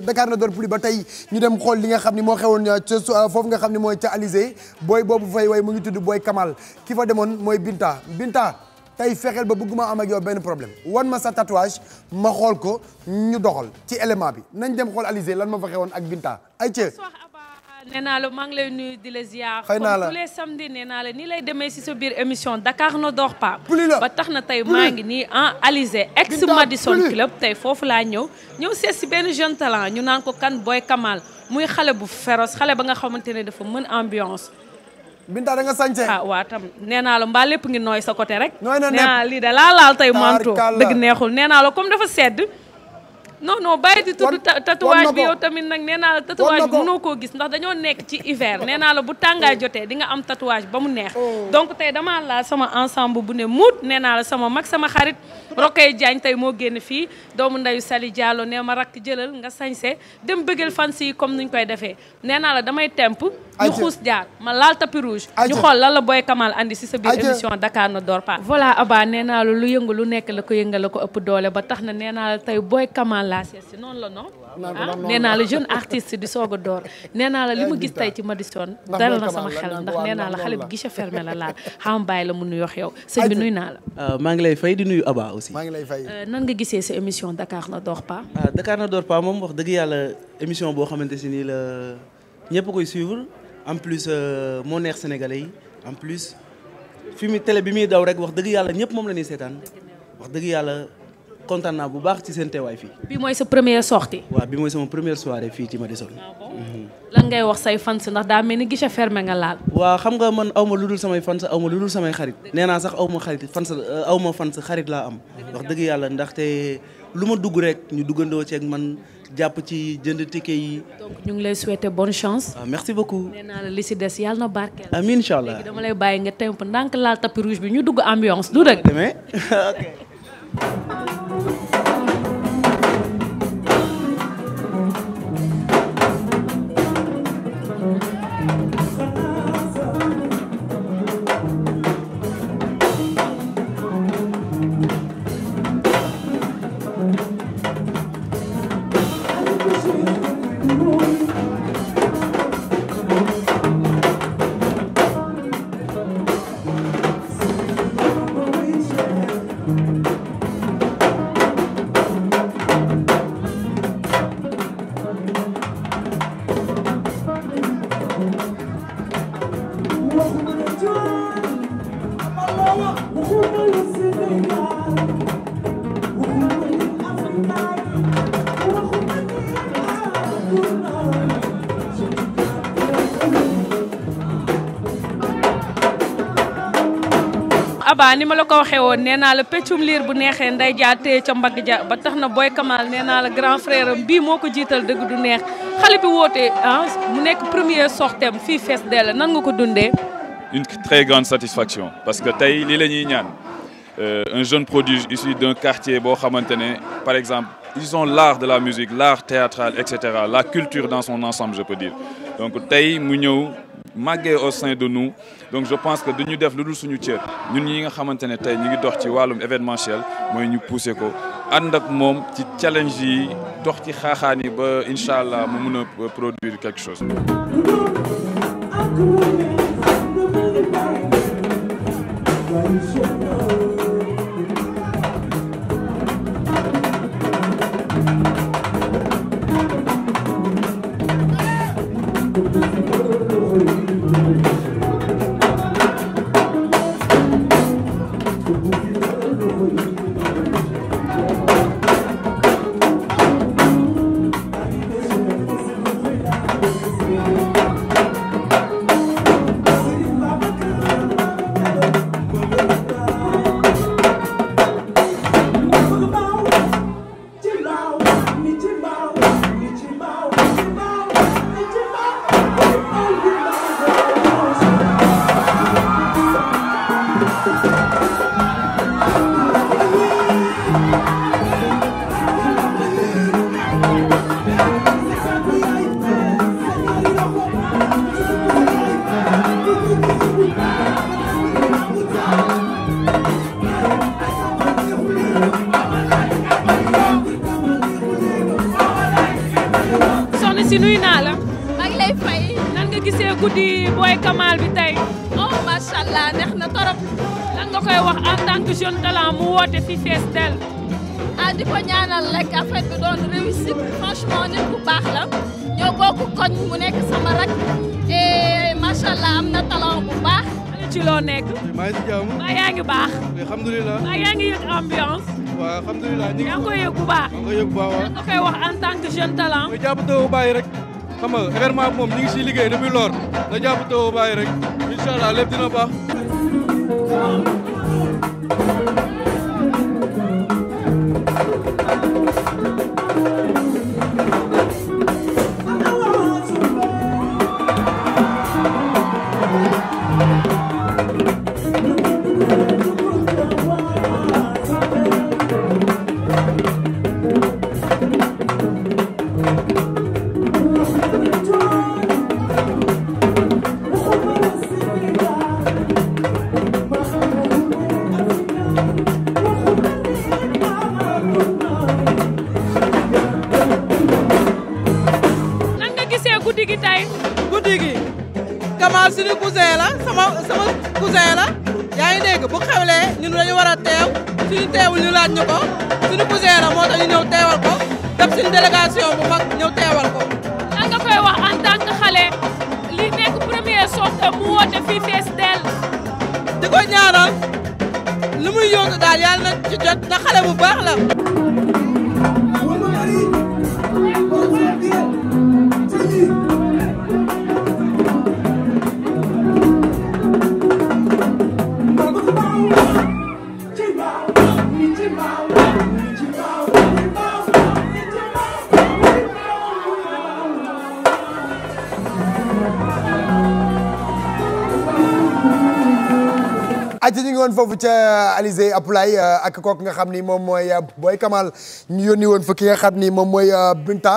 Dakar ne dort plus ba tey ñu dem xool li nga xam ni moo xewoon euh, ca euh, foofu nga xam ni mooy ca Alizé booy boobu fay way mu ngi tudd booy Kamal ki fa demoon mooy Binta Binta tey fexeel ba bëgguma am ak yow benn problème wan ma sa tatouage ma xool ko ñu doxal ci élément bi nañ dem xool Alizé lan ma fa xewoon ak Binta ay ca nee naa la maa ngi lay nuy di la ziar. xëy naa la tous les la nii lay demee si sa biir émission Dakar na doox pas. ba tax na tey maa ngi nii en Alizé ex Madison Club tey foofu laa ñëw. ñëw seet si benn jeune talent ñu naan ko kan booy Kamal muy xale bu féroce xale ba nga xamante ne dafa mën ambiance. Binta da nga sañse ah waa tam nee naa la mbaa lépp ngi nooy sa côté rek. nooy na lii da laa laal tey manto dëgg neexul nee naa la comme dafa sedd. non non bàyyi di tudd tatouage bi yow tamit nag nee naa la tatouage bi mënoo koo gis ndax dañoo nekk ci hiver nee naa la bu tàngaay jotee di nga am tatouage ba mu neex oh. donc tey damaa laal sama ensemble bu ne muut nee naa la sama mag sama xarit Rokhaya jaañ tey moo génn fii doomu ndeyu Sali Diallo nee ma rakk jëlal nga sañse dem bëggal fans yi comme nuñ koy defee nee naa la damay temp ñu xuus jaar ma laal tapis rouge ñu xool lan la Boy Kamal indi si sa biir émission Dakar ne dort pas voilà Aba nee naa la lu yëngu lu nekk la ko yëngal ko ëpp doole ba tax na nee naa tey Boy Kamal laa seet la non ah nee naa la jeune artiste di soog a door nee naa la li mu gis tey ci Madison dal na sama xel ndax nee la xale bi guichet fermé la laal xam bàyyi la mu nuyu wax yow sëñ bi nuyu naa la euh, maa ngi lay fay di nuyu Aba aussi maa ngi lay fay euh, nan nga gisee sa émission Dakar ne dort pas ah Dakar ne dort moom wax dëgg yàlla émission boo xamante si nii la ñëpp koy suivre en plus euh, moo neex sénégalais yi en plus fi mu télé bi muy daw rek wax dëgg yàlla ñëpp moom la seetaan wax kontaan naa bu baax ci seen teewaay fii. bi mooy sa première sortie. waaw bi mooy sama première soirée fii ci Madison. Ah mhm. lan ngay wax say fans ndax daa mel ni guichet fermé nga laal. waaw xam nga man aw ma lu dul samay fans aw lu dul samay xarit. nee naa sax aw ma xarit fans euh, aw ma fans xarit laa am. wax dëgg yàlla ndaxte lu ma dugg rek ñu duggandoo ceeg man jàpp ci jënd ticket yi. ñu ngi lay souhaiter bonne chance. waaw ah, merci beaucoup. nee li si des yàlla na barkeel. amiin incha allah léegi dama lay bi ñu dugg ambiance du rek. Aba ni ma la ko waxee woon nee naa la peccum liir bu neexee nday jaa ca mbagg jaa ba tax na Boy Kamal nee naa la grand frère am bii moo ko jiital dëgg du neex xale bi woote ah mu nekk premier sortem fii fees dell nan nga ko dundee. une très grande satisfaction parce que tey lii la ñuy ñaan euh, un jeune prodige issu d'un quartier boo xamante ne par exemple ils ont l'art de la musique l'art théâtral et cetera la culture dans son ensemble je peux dire donc tey mu ñëw. màggee au sein de nous donc je pense que duñu def lu dul suñu cër ñun ñi nga xamante ne tey ñu ngi dox ci wàllum événementiel mooy ñu pousser ko ànd ak moom ci challenge yi dox ci xaaxaan yi ba incha allah mu mun a produire quelque chose. soxna si nuyu naa la. maa lay fay. nan nga gisee guddi booy Kamal bi tey. oh macha neex na torop. lan nga koy wax en tant que talent mu woote fi fees del. Ah, di ko ñaanal rek affaire bi doon réussite franchement nit ku baax la ñoo bokk koñ mu nekk sama rak et eh, macha am na talent bu baax. ci loo nekk. maa ngi yaa ngi baax. alhamdulilah. yaa ngi yëg ambiance. waaw alhamdulilah ñu ngi. yaa ngi koy yëg bu baax yaa ngi koy yëg bu baax waaw. nga koy wax en tant que jeune talent. nga jàpp taw bàyyi rek xam nga événement bi moom ñu ngi siy liggéey depuis loor nga jàpp taw bàyyi rek incha allah lépp dina baax. cousin la yaa bu xewlee ñun dañu war a teew suñu teewul ñu laaj ñu ko suñu cousin la moo tax ñëw teewal ko def suñu délégation bu mag ñëw teewal ko. lan koy wax en tant que xale li nekk première mu woote fii fees di ko ñaanal lu muy yóotu daal yàlla na ci jot bu baax la. aca ñu ngi woon foofu ca Alizé Apoulaye euh, ak kooku nga xam ni moom mooy euh, Boy Kamal ñu yónni woon fa ki nga xam ni moom mooy euh, Binta